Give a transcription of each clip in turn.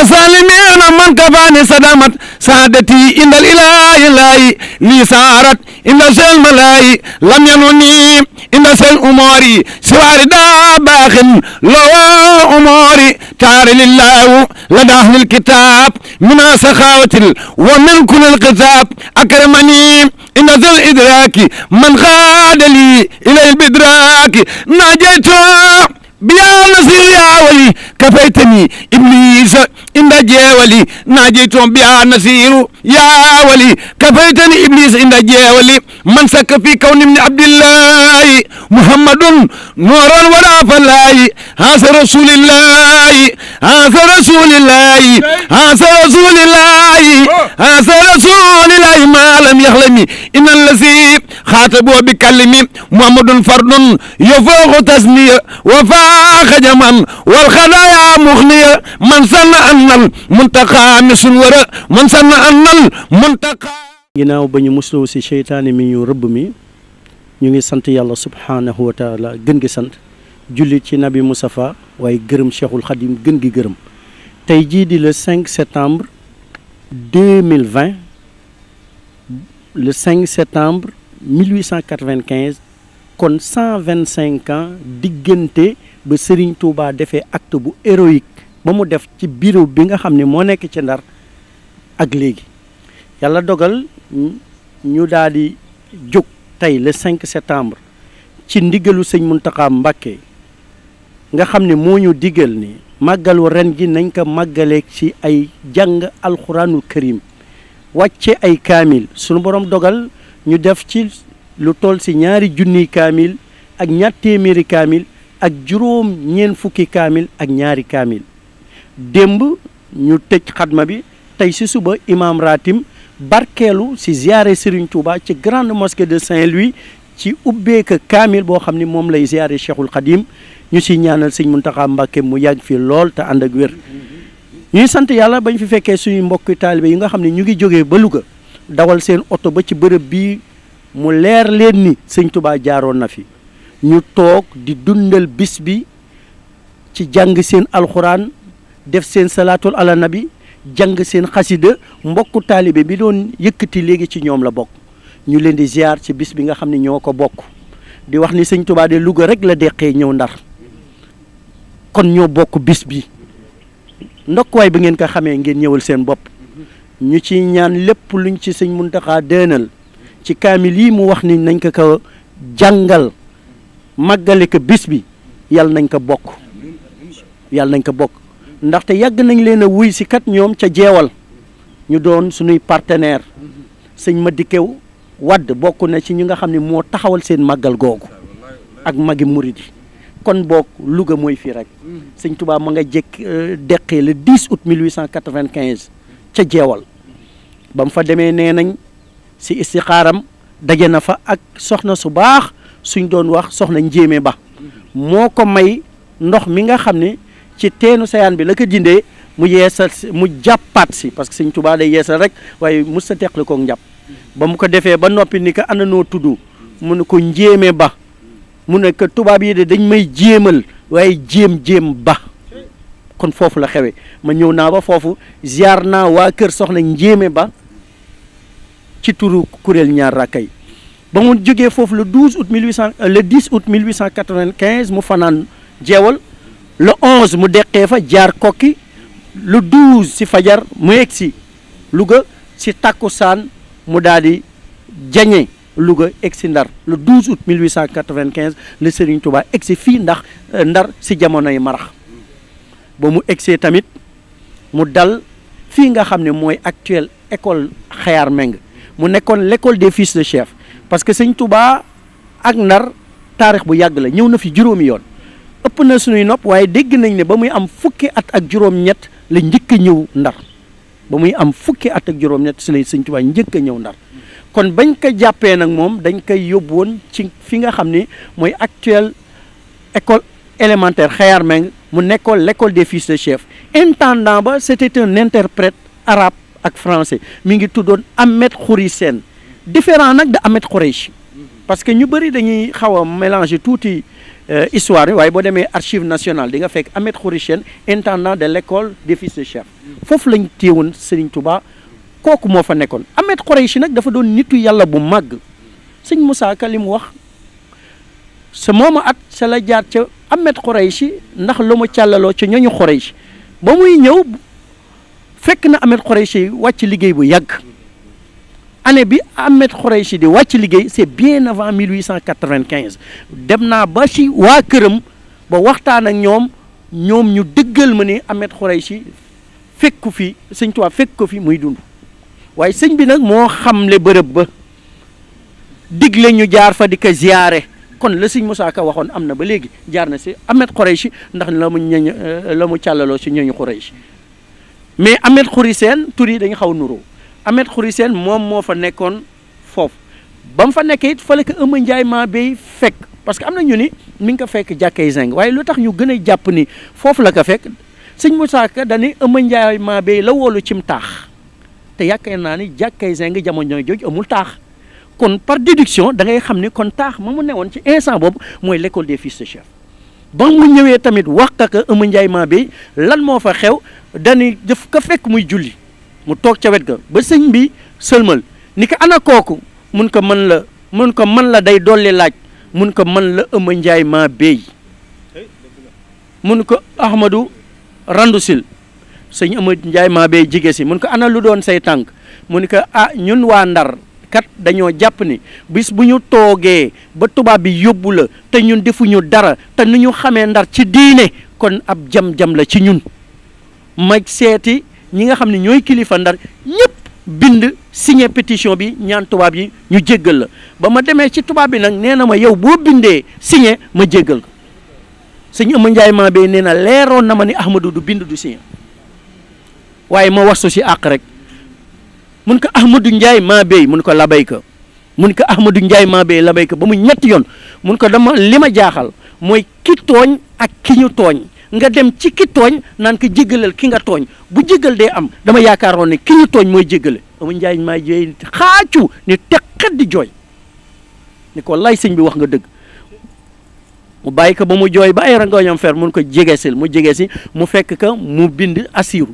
وسالمين من كفاني صدمت سعادتي إن الإله إلهي لي سارت إن شيء الملاي لم ينوني إن شيء أموري سوار باخ لو أموري تعالى لله لدى أهل الكتاب من سخاوة ومن كل القذاب أكرمني إن ذا الإدراك من غاد لي إلى البدراك نجيت بيا نصير يا ولي كفيتني إبليس inda jeewali naaje toon biya nasiru ya wali kafaytani iblis inda jeewali man sakka fi kawnimni abdillahi muhammadun noran wala falayi hasa rasulillahi hasa rasulillahi hasa rasulillahi hasa rasulillahi ma lam yahlami inna lasi xaata boo bi kallimi muhammadun fardun yafooxu tasniya wa faaxa jaman wal xadaaya muxniya man sanna annal muntaqa misun wara man sanna annal muntaqa ginnaaw ba ñu musloo si seytaane mi ñu rëbb mi ñu ngi sant yàlla subhaanahu wa taala gën gi sant jullit ci nabi Mustafa waaye gërëm cheikhul xadim gën gi gërëm tey jii di le 5 septembre 2020 le 5 septembre 1895 kon 125 ans diggante ba sëriñ Touba defee acte bu héroïque ba mu def ci bureau bi nga xam ne moo nekk ci Ndar ak léegi yàlla dogal ñu daal di jóg tey le 5 septembre ci ndigalu sëñ Mountakha Mbacké nga xam ne moo ñu digal ni màggalu ren gi nañ ko màggaleeg ci ay jàng alxuraanul karim wàcce ay kaamil sunu borom dogal. ñu def ci lu toll si ñaari junniy kaamil ak ñaar téeméeri kaamil ak juróom ñeen fukki kaamil ak ñaari kaamil démb ñu tëj xatma bi tey si suba imaam ratim barkeelu si ziare Serigne Touba ci grande mosquée de Saint-Louis ci ubbeeka kaamil boo xam ni moom lay ziare Cheikhul Khadim ñu si ñaanal sëñ Muntaxa Mbàkke mu yàgg fi lool te ànd ak wér ñuy sant yàlla bañ fi fekkee suñu mbokki taalibe yi nga xam ne ñu ngi jógee ba Louga dawal seen oto ba ci bërëb bii mu leer leen ni sëñ Tuubaa jaaroon na fi ñu toog di dundal bis bi ci jàng seen alxuraan def seen salaatul ala nabi jàng seen xasida mbokk taalibe bi doon yëkkati léegi ci ñoom la bokk ñu leen di ziar ci bis bi nga xam ne ñoo ko bokk di wax ni sëñ tubaa de luga rek la deqee ñëw Ndar kon ñoo bokk bis bi ndokkuwaay bi ngeen ko xamee ngeen ñëwal seen bopp ñu ci ñaan lépp luñ ci sëñ Muntaxa dënal ci kaamil yi mu wax ni nañ ko ko jàngal màggale ko bis bi yàlla nañ ko bokk yàlla nañ ko bokk ndaxte yàgg nañ leen a wuy si kat ñoom ca jeewal ñu doon suñuy partenaire sëñ kew wadd bokk na ci ñi nga xam ne moo taxawal seen màggal googu ak magi murid kon boog Louga mooy fii rek sëñ Tuubaa ma nga jekk euh, deqe le 10 août 1895 ca jeewal ba mu fa demee nee nañ si istixaaram daje na fa ak soxna su baax suñ doon wax soxna njéeme ba moo ko may ndox mi nga xam ne ci teenu sayaan bi la ko jindee mu yeesal si mu jàppaat si parce que Sëñ Tuubaa day yeesal rek waaye mu sa teqli koog njàpp ba mu ko defee ba noppi ni ko am na noo tudd mu ne ko njéeme ba mu nekk tubaab yi de dañ may jéemal waaye jéem jéem ba kon foofu la xewee ma ñëw naa ba foofu jaar naa waa kër soxna njéeme ba ci turu kuréel ñaar rakka yi ba mu jógee foofu le 12 août 1800 euh, le 10 août 1895 mu fanaan jeewal le 11 mu deqee fa jaar kokki le 12 si fajar mu egg si Louga si takkusaan mu daal di jañe Louga egg si Ndar le 12 août 1895 le Serigne Touba egg si fii ndax euh, Ndar si jamonoy marax ba mu eggsee tamit mu dal fii nga xam ne mooy actuelle école Xayaar Meng mu nekkoon l'école des fils de chef parce que sëñ Touba ak Ndar taarix bu yàgg la ñëw na fi juróomi yoon ëpp na suñuy nopp waaye dégg nañ ne ba muy am fukki at ak juróom-ñett la njëkk a ñëw Ndar ba muy am fukki at ak juróom-ñett si lay sëñ Touba njëkk a ñëw Ndar kon bañ ko jàppee nag moom dañ koy yóbbu woon ci fi nga xam ni mooy actuelle école élémentaire Khayar Meng mu nekkoon l'école des fils de chef intendant ba c'était un interprète arabe ak français mi ngi tuddoon Ahmed Khoury Sène différent nag de Ahmed Khoureichi parce que ñu bëri dañuy xaw a mélanger tuuti euh, histoire bi waaye boo demee archive nationale di nga fekk Ahmed Khoury Sène intendant de l' école des fils de chef foofu lañ téewoon Serigne Touba kooku moo fa nekkoon Ahmed si nag dafa doon nitu yàlla bu màgg sëñ Moussa Ka li mu wax sa mooma at sa la jaar ca Ahmed Khoureichi ndax lu mu càllaloo ca ñooñu Khoureichi ba muy ñëw. fekk na Ahmed Khoraichi wàcc liggéey bu yàgg année bi Ahmed Khoraichi di wàcc liggéey c'est bien avant 1895 dem naa ba si waa këram ba waxtaan ak ñoom ñoom ñu dëggal ma ne Ahmed Khoraichi fekk ko fi sëñ Tuubaa fekk ko fi muy dund waaye sëñ bi nag moo xamle bërëb ba digle ñu jaar fa di ko ziyaare kon la sëñ Moussa Ka waxoon am na ba léegi jaar na si Ahmed Khoraichi ndax la mu ñëñ la mu càllaloo si ñooñu Khoraichi mais Ahmed Khoury seen tur yi dañu xaw nuroo Ahmed Khoury seen moom moo fa nekkoon foofu ba mu fa nekkee it fële que Eumeu Ndiaye maa bay fekk parce que am na ñu ni mi ngi ko fekk jàkkee zinc waaye lu tax ñu gën a jàpp ni foofu la ko fekk sëñ mu Ka dañuy Eumeu Ndiaye maa bay la woolu mu taax te yaakaar naa ni jàkkee zinc jamono jooju amul taax kon par déduction da ngay xam ni kon taax ma mu newoon ci instant boobu mooy lekkool des fii de chef ba mu ñëwee tamit wax ka Eumeu Ndiaye maa bay lan moo fa xew. dañuy def ko fekk muy julli mu toog ca wet ga ba sëñ bi sëlmal ni ko ana kooku mun ko mën la mun ko mën la day dolli laaj mun ko mën la ëmb njaay maa béy mun ko ahmadu randu sil sëñ ëmb njaay maa béy jige si mun ko ana lu doon say tànk mu ni ko ah ñun waa ndar kat dañoo jàpp ni bis bu ñu toogee ba tubaab bi yóbbu la te ñun defuñu dara te nu ñu xamee ndar ci diine kon ab jam-jam la ci ñun ma seeti ñi nga xam ne ñooy kilifa ndar ñépp bind siñe pétition bi ñaan tubaab yi ñu jéggal la ba ma demee ci tubaab bi nag nee na ma yow boo bindee signé ma jéggal ko sëñ Ama Njaay maa bee nee na leeroon na ma ni Ahmadou du bind du signé waaye ma wasu si àq rek mun ko Ahmadou Njaay maa bee mun ko labay ko mun ko Ahmadou Njaay maa bee labay ko ba mu ñetti yoon mun ko dama li ma jaaxal mooy ki tooñ ak ki ñu tooñ nga dem ci ki tooñ naan ko jégalal ki nga tooñ bu jégal dee am dama yaakaaroon ne ki ñu tooñ mooy jégale amu njaay maa jeey xaacu ni teqet di jooy ni ko lay sëñ bi wax nga dëgg mu bàyyi ba mu jooy ba ay rangoñam fer mun ko jegesil mu jegesi mu fekk ka mu bind asiiru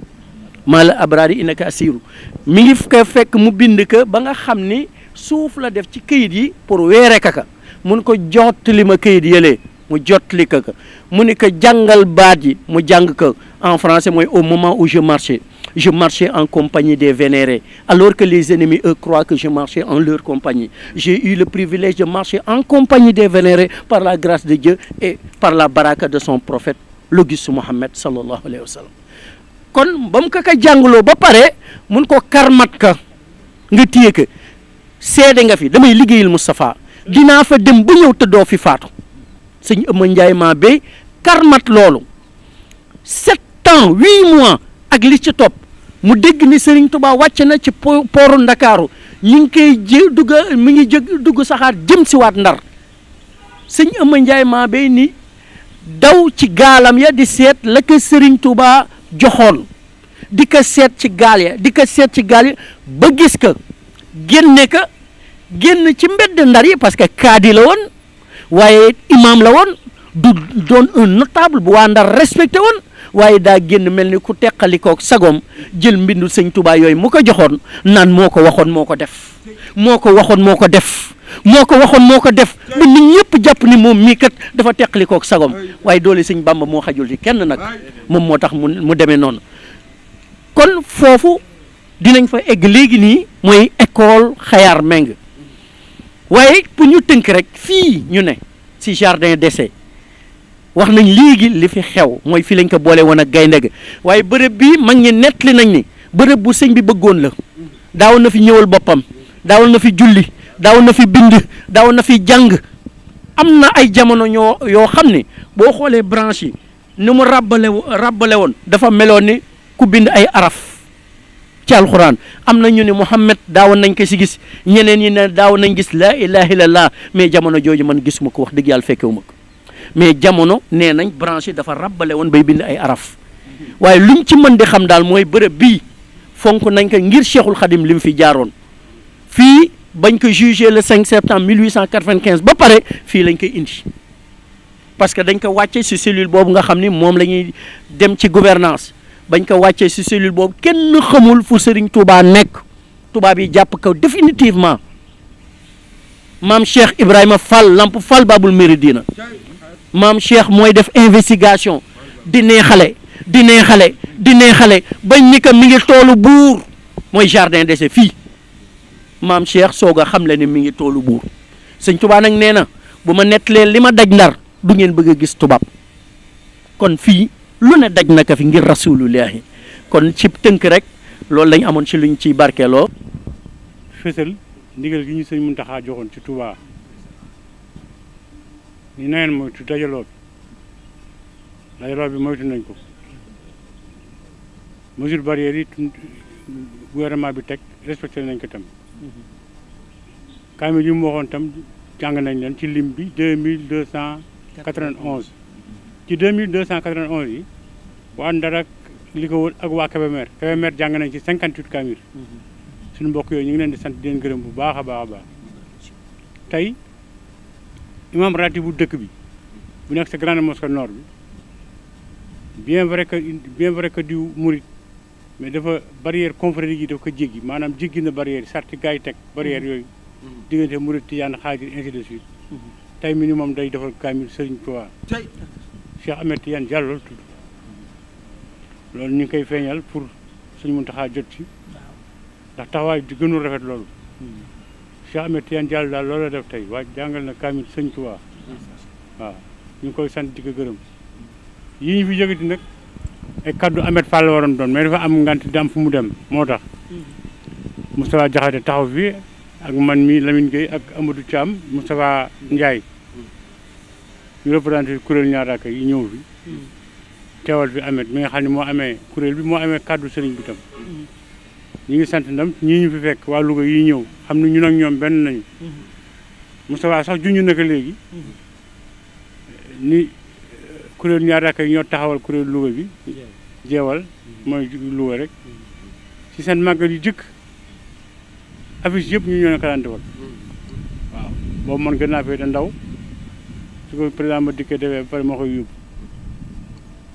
maa la abraari inaka asiiru mi ngi ko fekk mu bind ka ba nga xam ni suuf la def ci kayit yi pour weere ka mun ko jottali ma këyit yëlee mu jotli ko ko mu ni ko jàngal baat yi mu jàng ko en français mooy au moment ou je marchais je marchais en compagnie des vénérés alors que les ennemis eux croient que je marchais en leur compagnie j'ai eu le privilège de marcher en compagnie de vénérés par la grace de Dieu et par la baraka de son profet l'auguste Mohammed sallallahu alayhi wa kon ba mu ko ko jàngaloo ba pare mun ko karmat ka nga téye ko seede nga fi damay liggéeyal Moustapha dinaa fa dem ba ñëw te doo fi faatu sëñ Ëmma Njaay maa bay karmat loolu set ans huit mois ak li ci topp mu dégg ni Serigne Touba wàcc na ci pooru Ndakaaru ñu ngi koy jé dugg mi ngi jég dugg saxaar jëm si waat Ndar sëñ Ëmma Njaay maa bay ni daw ci gaalam ya di seet la ko sëriñ Touba joxoon di ko seet ci gaal ya di ko seet ci gaal ya ba gis ka génne ka génn ci mbedd Ndar yi parce que kaadi la woon waaye imaam la woon du doon un notable bu waa Ndar respecté woon waaye daa génn mel ni ku teqalikook sagoom jël mbindu sañ tubaay yooyu mu ko joxoon naan moo ko waxoon moo ko def moo ko waxoon moo ko def moo ko waxoon moo ko def nit ñëpp jàpp ni moom mii kat dafa teqalikook sagoom waaye doole sëñ Bàmba moo xajul ci kenn nag moom moo tax mu mu demee noonu kon foofu dinañ fa egg léegi nii mooy école xayaar Meng waaye pour ñu tënk rek fii ñu ne si jardin d'essai wax nañ léegi li fi xew mooy fii lañ ko boole woon ak gaynde gi waaye bërëb bi mag ñi nettali nañ ni bërëb bu sëñ bi bëggoon la daawoon na fi ñëwal boppam daawoon na fi julli daawoon na fi bind daawoon na fi jàng am na ay jamono yoo xam ne boo xoolee branche yi ni mu ràbbale ràbbale woon dafa meloon ni ku bind ay araf ci alxuraan am na ñu ne Mouhamed daawoon nañ ko si gis ñeneen yi ne daawoon nañ gis la ilaha illallah mais jamono jooju man gisuma ko wax dëgg yàlla fekkewu ma ko mais jamono nee nañ branché dafa rabbale woon bay bind ay araf waaye luñ ci mën di xam daal mooy bërëb bii fonk nañ ko ngir cheikhul xadim li mu fi jaaroon fii bañ ko jugé le 5 septembre 1895 ba pare fii lañ koy indi parce que dañ ko wàcce si cellule boobu nga xam ni moom la ñuy dem ci gouvernance bañ ko wàccee si cellule boobu kenn xamul fu Serigne Touba nekk tubaab yi jàpp ko définitivement maam Cheikh Ibrahima Fall Lamp Fall Babul Méridina maam Cheikh mooy def investigation di neexale di neexale di bañ ni ko mi ngi toolu buur mooy jardin dese fii maam Cheikh soog a xam le ni mi ngi toolu buur sëñ tubaa nag nee na bu ma nettalee li ma daj ndar du ngeen bëgg a gis tubaab kon fii. lu ne daj na ko fi ngir rasulullahi kon ci tënk rek loolu lañ amoon ci luñ ciy barkeeloo. fësal ndigal gi ñu sëñ Muntaxa joxoon ci Touba ni mooy moytu dajaloo bi dajaloo bi moytu nañ ko mesure barrière yi gouvernement bi teg respecté nañ ko tam kaamil yi mu waxoon tam jàng nañ leen ci lim bi deux mille deux ci mille 2291 yi bu ànd ak li ko wër ak waa Kébémer Kébémer jàng nañ ci 58 kaamil mm-hmm. suñu mbokk yooyu ñu ngi leen di sant di leen gërëm bu baax a baax a baax tey imam ratib bu dëkk bi bu nekk sa grande mosquée noor bi bien vrai que bien vrai que diw murit mais dafa barrière confrérie yi dafa ko jéggi maanaam jéggi na barrière sarti gars teg barrière mm-hmm. yooyu mm-hmm. diggante murit tijaan xaajir ainsi de suite tey mi ni moom day defal kaamil sëriñ Tuubaa Cheikh Ahmed Tidiane Diallo la tudd loolu ñu koy feeñal pour suñu Muntaxa jot ci ndax taxawaay di gënul rafet loolu hmm. Cheikh Ahmed Tidiane Diallo daal loolu def tey waa jàngal na kaamil sëñ Tuubaa hmm. waaw ñu koy sant di ko gërëm yii ñu fi yëgati nag ay kaddu Ahmed Fall la waroon doon mais dafa am ngant di am fu mu dem moo tax hmm. Moustapha Jaxate taxaw fi ak man mii Lamine Gueye ak Amadou am Moustapha Ndiaye ñu représenté fi kuréel ñaar raaka yi ñëw bi hmm. teewal fi amet mi nga xam ne moo amee kuréel bi moo amee kàddu sëriñ bi tam ñu ngi sant ndam ñii ñu fi fekk waa Louga yi ñëw xam ne ñu ak ñoom benn nañu hmm. Moustapha sax junñu naka léegi hmm. ni kuréel ñaar raaka yi ñoo taxawal kuréel Louga bi jeewal mooy Louga rek ci seen màggal yu jëkk affiche yëpp ñu ñoo ne ko daan naa ndaw su ko président ma dikkee defee ba pare moo koy yóbbu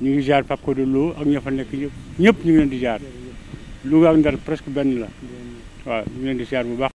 ñu ngi jaar Pape Codé Lo ak ña fa nekk yëpp ñëpp ñu ngi leen di jaar Louga ak Ndar presque benn la waaw ñu ngi leen di jaar bu baax